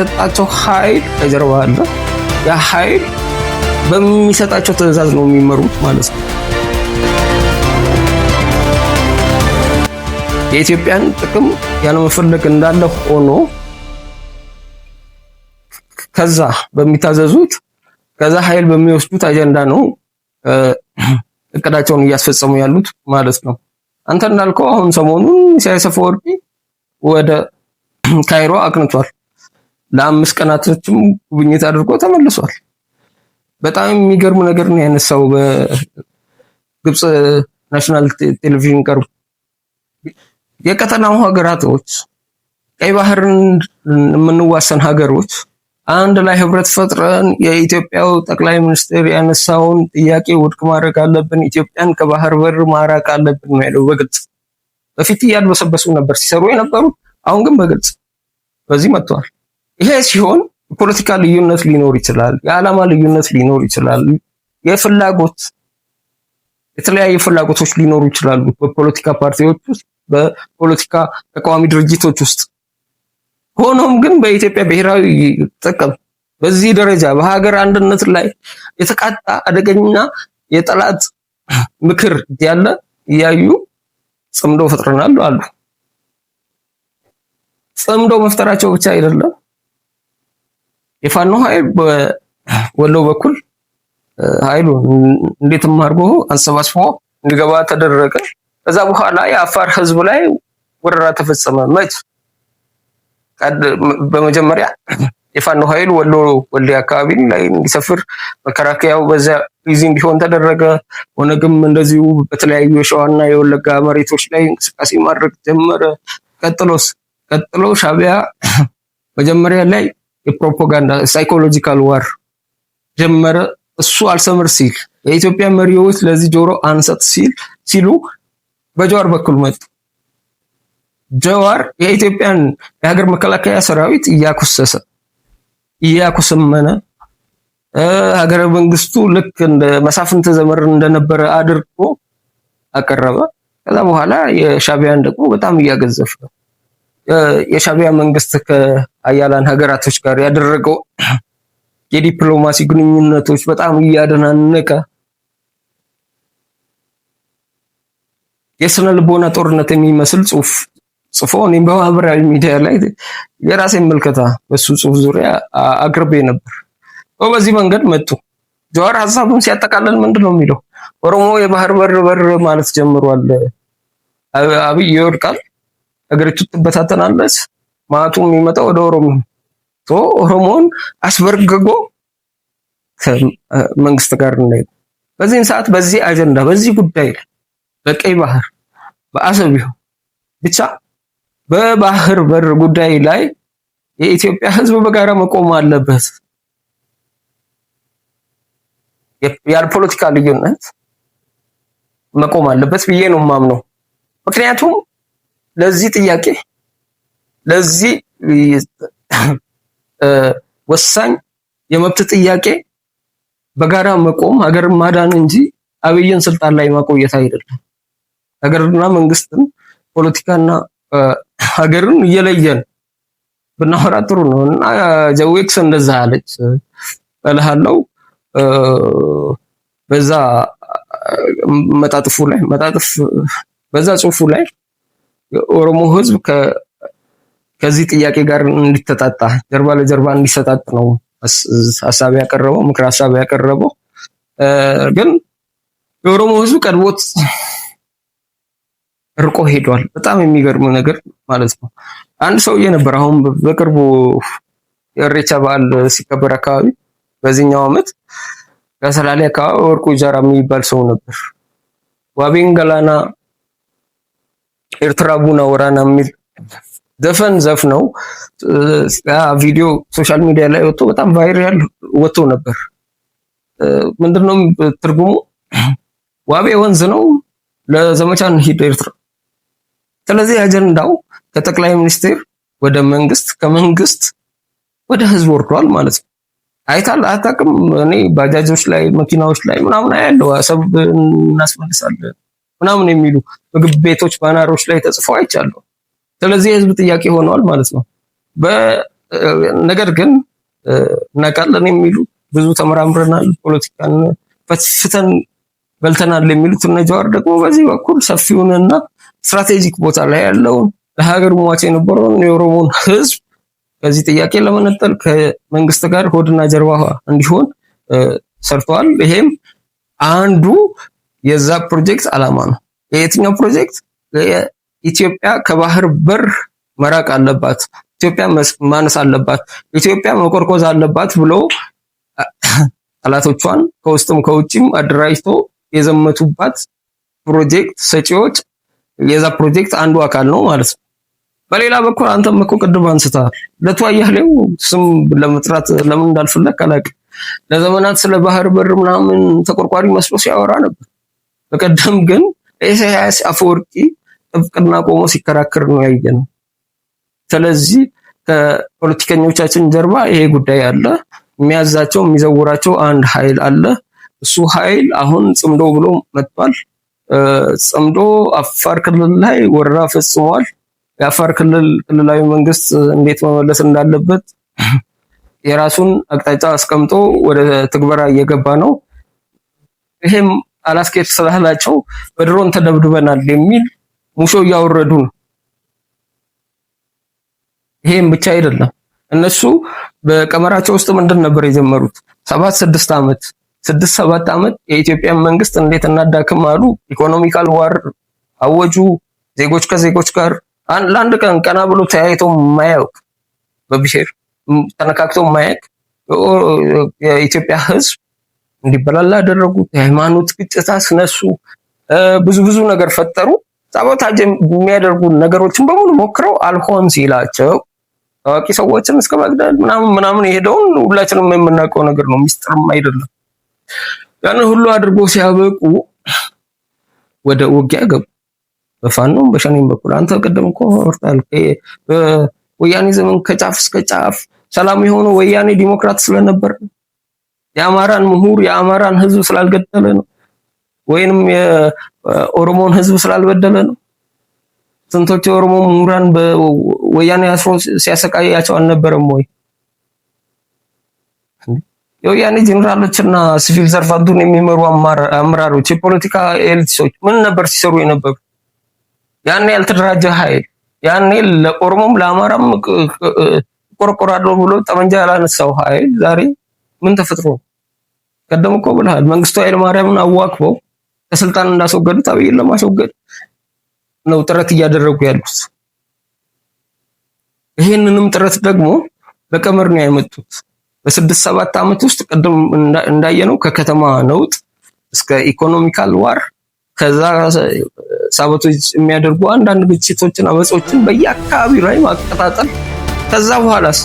የሰጣቸው ኃይል ከጀርባ አለ። ያ ኃይል በሚሰጣቸው ትዕዛዝ ነው የሚመሩት ማለት ነው። የኢትዮጵያን ጥቅም ያለመፈለግ እንዳለ ሆኖ ከዛ በሚታዘዙት ከዛ ኃይል በሚወስዱት አጀንዳ ነው እቅዳቸውን እያስፈጸሙ ያሉት ማለት ነው። አንተ እንዳልከው አሁን ሰሞኑን ኢሳያስ አፈወርቂ ወደ ካይሮ አቅንቷል። ለአምስት ቀናቶችም ጉብኝት አድርጎ ተመልሷል። በጣም የሚገርሙ ነገር ነው ያነሳው በግብፅ ናሽናል ቴሌቪዥን ቀርቦ የቀጠናው ሀገራቶች ቀይ ባህርን የምንዋሰን ሀገሮች አንድ ላይ ህብረት ፈጥረን የኢትዮጵያው ጠቅላይ ሚኒስትር ያነሳውን ጥያቄ ውድቅ ማድረግ አለብን፣ ኢትዮጵያን ከባህር በር ማራቅ አለብን ነው ያለው በግልጽ። በፊት እያድበሰበሱ ነበር ሲሰሩ የነበሩ፣ አሁን ግን በግልጽ በዚህ መጥተዋል። ይሄ ሲሆን የፖለቲካ ልዩነት ሊኖር ይችላል። የዓላማ ልዩነት ሊኖር ይችላል። የፍላጎት የተለያዩ ፍላጎቶች ሊኖሩ ይችላሉ በፖለቲካ ፓርቲዎች ውስጥ፣ በፖለቲካ ተቃዋሚ ድርጅቶች ውስጥ። ሆኖም ግን በኢትዮጵያ ብሔራዊ ጥቅም በዚህ ደረጃ በሀገር አንድነት ላይ የተቃጣ አደገኛ የጠላት ምክር ያለ እያዩ ጽምዶ ፈጥረናል አሉ። ጽምዶ መፍጠራቸው ብቻ አይደለም የፋኖ ኃይል በወሎ በኩል ኃይሉ እንዴትም አድርጎ አንሰባስቦ እንዲገባ ተደረገ። ከዛ በኋላ የአፋር ህዝብ ላይ ወረራ ተፈጸመ። መች በመጀመሪያ የፋኖ ኃይል ወሎ ወልዲያ አካባቢ ላይ እንዲሰፍር መከላከያው በዛ ጊዜ እንዲሆን ተደረገ። ኦነግም እንደዚሁ በተለያዩ የሸዋና የወለጋ መሬቶች ላይ እንቅስቃሴ ማድረግ ጀመረ። ቀጥሎስ ቀጥሎ ሻቢያ መጀመሪያ ላይ የፕሮፓጋንዳ ሳይኮሎጂካል ዋር ጀመረ። እሱ አልሰምር ሲል የኢትዮጵያ መሪዎች ለዚህ ጆሮ አንሰጥ ሲል ሲሉ በጀዋር በኩል መጡ። ጀዋር የኢትዮጵያን የሀገር መከላከያ ሰራዊት እያኮሰሰ እያኮሰመነ ሀገረ መንግስቱ ልክ እንደ መሳፍንተ ዘመር እንደነበረ አድርጎ አቀረበ። ከዛ በኋላ የሻቢያን ደግሞ በጣም እያገዘፈ የሻቢያ መንግስት ከአያላን ሀገራቶች ጋር ያደረገው የዲፕሎማሲ ግንኙነቶች በጣም እያደናነቀ የስነ ልቦና ጦርነት የሚመስል ጽሁፍ ጽፎ እኔም በማህበራዊ ሚዲያ ላይ የራሴን ምልከታ በሱ ጽሁፍ ዙሪያ አቅርቤ ነበር። በዚህ መንገድ መጡ። ጀዋር ሀሳቡን ሲያጠቃልል ምንድን ነው የሚለው? ኦሮሞ የባህር በር በር ማለት ጀምሯል። አብይ ይወድቃል ሀገሪቱ ትበታተናለች። ማቱ የሚመጣው ወደ ኦሮሞ ሶ ኦሮሞን አስበርግጎ መንግስት ጋር እንዳይ በዚህን ሰዓት በዚህ አጀንዳ በዚህ ጉዳይ በቀይ ባህር በአሰብ ይሁን ብቻ በባህር በር ጉዳይ ላይ የኢትዮጵያ ሕዝብ በጋራ መቆም አለበት። ያልፖለቲካ ልዩነት መቆም አለበት ብዬ ነው የማምነው። ምክንያቱም ለዚህ ጥያቄ ለዚህ ወሳኝ የመብት ጥያቄ በጋራ መቆም ሀገር ማዳን እንጂ አብይን ስልጣን ላይ ማቆየት አይደለም። ሀገርና መንግስትን ፖለቲካና ሀገርን እየለየን ብናወራ ጥሩ ነው እና ጀዌክስ እንደዛ አለች እልሃለሁ። በዛ መጣጥፉ ላይ መጣጥፍ በዛ ጽሁፉ ላይ ኦሮሞ ህዝብ ከዚህ ጥያቄ ጋር እንዲተጣጣ ጀርባ ለጀርባ እንዲሰጣጥ ነው ሀሳብ ያቀረበው ምክር ሀሳብ ያቀረበው። ግን የኦሮሞ ህዝብ ቀድቦት ርቆ ሄዷል። በጣም የሚገርም ነገር ማለት ነው። አንድ ሰውዬ ነበር አሁን በቅርቡ የእሬቻ በዓል ሲከበር አካባቢ በዚህኛው ዓመት ከሰላሌ አካባቢ ወርቁ ጃራ የሚባል ሰው ነበር ዋቤን ገላና ኤርትራ ቡና ወራና የሚል ዘፈን ዘፍ ነው። ቪዲዮ ሶሻል ሚዲያ ላይ ወጥቶ በጣም ቫይራል ወጥቶ ነበር። ምንድነው ትርጉሙ? ዋቤ ወንዝ ነው ለዘመቻ እንሂድ ኤርትራ። ስለዚህ አጀንዳው ከጠቅላይ ሚኒስቴር ወደ መንግስት፣ ከመንግስት ወደ ህዝብ ወርዷል ማለት ነው። አይታል አታውቅም። እኔ ባጃጆች ላይ መኪናዎች ላይ ምናምን አያለው አሰብ እናስመልሳለን ምናምን የሚሉ ምግብ ቤቶች ባናሮች ላይ ተጽፈው አይቻሉ ስለዚህ የህዝብ ጥያቄ ሆነዋል ማለት ነው። ነገር ግን እናቃለን የሚሉ ብዙ ተመራምረናል፣ ፖለቲካን ፈትፍተን በልተናል የሚሉት እነ ጀዋር ደግሞ በዚህ በኩል ሰፊውንና ስትራቴጂክ ቦታ ላይ ያለውን ለሀገር ሟች የነበረውን የኦሮሞን ህዝብ ከዚህ ጥያቄ ለመነጠል ከመንግስት ጋር ሆድና ጀርባ እንዲሆን ሰርተዋል። ይሄም አንዱ የዛ ፕሮጀክት ዓላማ ነው። የየትኛው ፕሮጀክት? ኢትዮጵያ ከባህር በር መራቅ አለባት፣ ኢትዮጵያ ማነስ አለባት፣ ኢትዮጵያ መቆርቆዝ አለባት ብሎ ጠላቶቿን ከውስጥም ከውጭም አደራጅቶ የዘመቱባት ፕሮጀክት ሰጪዎች የዛ ፕሮጀክት አንዱ አካል ነው ማለት ነው። በሌላ በኩል አንተም እኮ ቅድም አንስተሃል። ለቱ አያሌው ስም ለመጥራት ለምን እንዳልፈለግ አላውቅም። ለዘመናት ስለ ባህር በር ምናምን ተቆርቋሪ መስሎ ሲያወራ ነበር። በቀደም ግን ኢሳያስ አፈወርቂ ጥብቅና ቆሞ ሲከራከር ነው ያየነው። ስለዚህ ከፖለቲከኞቻችን ጀርባ ይሄ ጉዳይ አለ። የሚያዛቸው የሚዘውራቸው አንድ ኃይል አለ። እሱ ኃይል አሁን ጽምዶ ብሎ መጥቷል። ጽምዶ አፋር ክልል ላይ ወረራ ፈጽሟል። የአፋር ክልል ክልላዊ መንግስት እንዴት መመለስ እንዳለበት የራሱን አቅጣጫ አስቀምጦ ወደ ትግበራ እየገባ ነው። ይሄም አላስኬድ ስላላቸው በድሮን ተደብድበናል የሚል ሙሾ እያወረዱ ነው። ይሄም ብቻ አይደለም። እነሱ በቀመራቸው ውስጥ ምንድን ነበር የጀመሩት? ሰባት ስድስት ዓመት ስድስት ሰባት ዓመት የኢትዮጵያን መንግስት እንዴት እናዳክም አሉ። ኢኮኖሚካል ዋር አወጁ። ዜጎች ከዜጎች ጋር ለአንድ ቀን ቀና ብሎ ተያይቶ ማያውቅ በብሔር ተነካክቶ ማያውቅ የኢትዮጵያ ህዝብ እንዲበላላ አደረጉ። የሃይማኖት ግጭት አስነሱ። ብዙ ብዙ ነገር ፈጠሩ። ሳቦታጅ የሚያደርጉ ነገሮችን በሙሉ ሞክረው አልሆን ሲላቸው ታዋቂ ሰዎችን እስከ መግደል ምናምን ምናምን የሄደውን ሁላችንም የምናውቀው ነገር ነው፣ ሚስጥርም አይደለም። ያንን ሁሉ አድርጎ ሲያበቁ ወደ ውጊያ ገቡ። በፋኖም በሸኔም በኩል አንተ ቅድም እኮ ወርታል ወያኔ ዘመን ከጫፍ እስከ ጫፍ ሰላም የሆነ ወያኔ ዲሞክራት ስለነበር የአማራን ምሁር የአማራን ህዝብ ስላልገደለ ነው ወይንም የኦሮሞን ህዝብ ስላልበደለ ነው። ስንቶች የኦሮሞ ምሁራን በወያኔ አስሮ ሲያሰቃያቸው አልነበረም ወይ? የወያኔ ጀነራሎችና ሲቪል ሰርቫንቱን የሚመሩ አመራሮች፣ የፖለቲካ ኤሊቶች ምን ነበር ሲሰሩ የነበሩ? ያኔ ያልተደራጀ ኃይል ያኔ ለኦሮሞም ለአማራም ቆርቆራለሁ ብሎ ጠመንጃ ያላነሳው ኃይል ዛሬ ምን ተፈጥሮ ቀደም እኮ ብለሃል። መንግስቱ ኃይለ ማርያምን አዋክበው ከስልጣን እንዳስወገዱት አብይን ለማስወገድ ነው ጥረት እያደረጉ ያሉት። ይህንንም ጥረት ደግሞ በቀመር ነው ያመጡት። በስድስት ሰባት ዓመት ውስጥ ቀደም እንዳየነው ከከተማ ነውጥ እስከ ኢኮኖሚካል ዋር ከዛ ሳበቶች የሚያደርጉ አንዳንድ ግጭቶችን፣ አመጾችን በየአካባቢው ላይ ማቀጣጠል ከዛ በኋላስ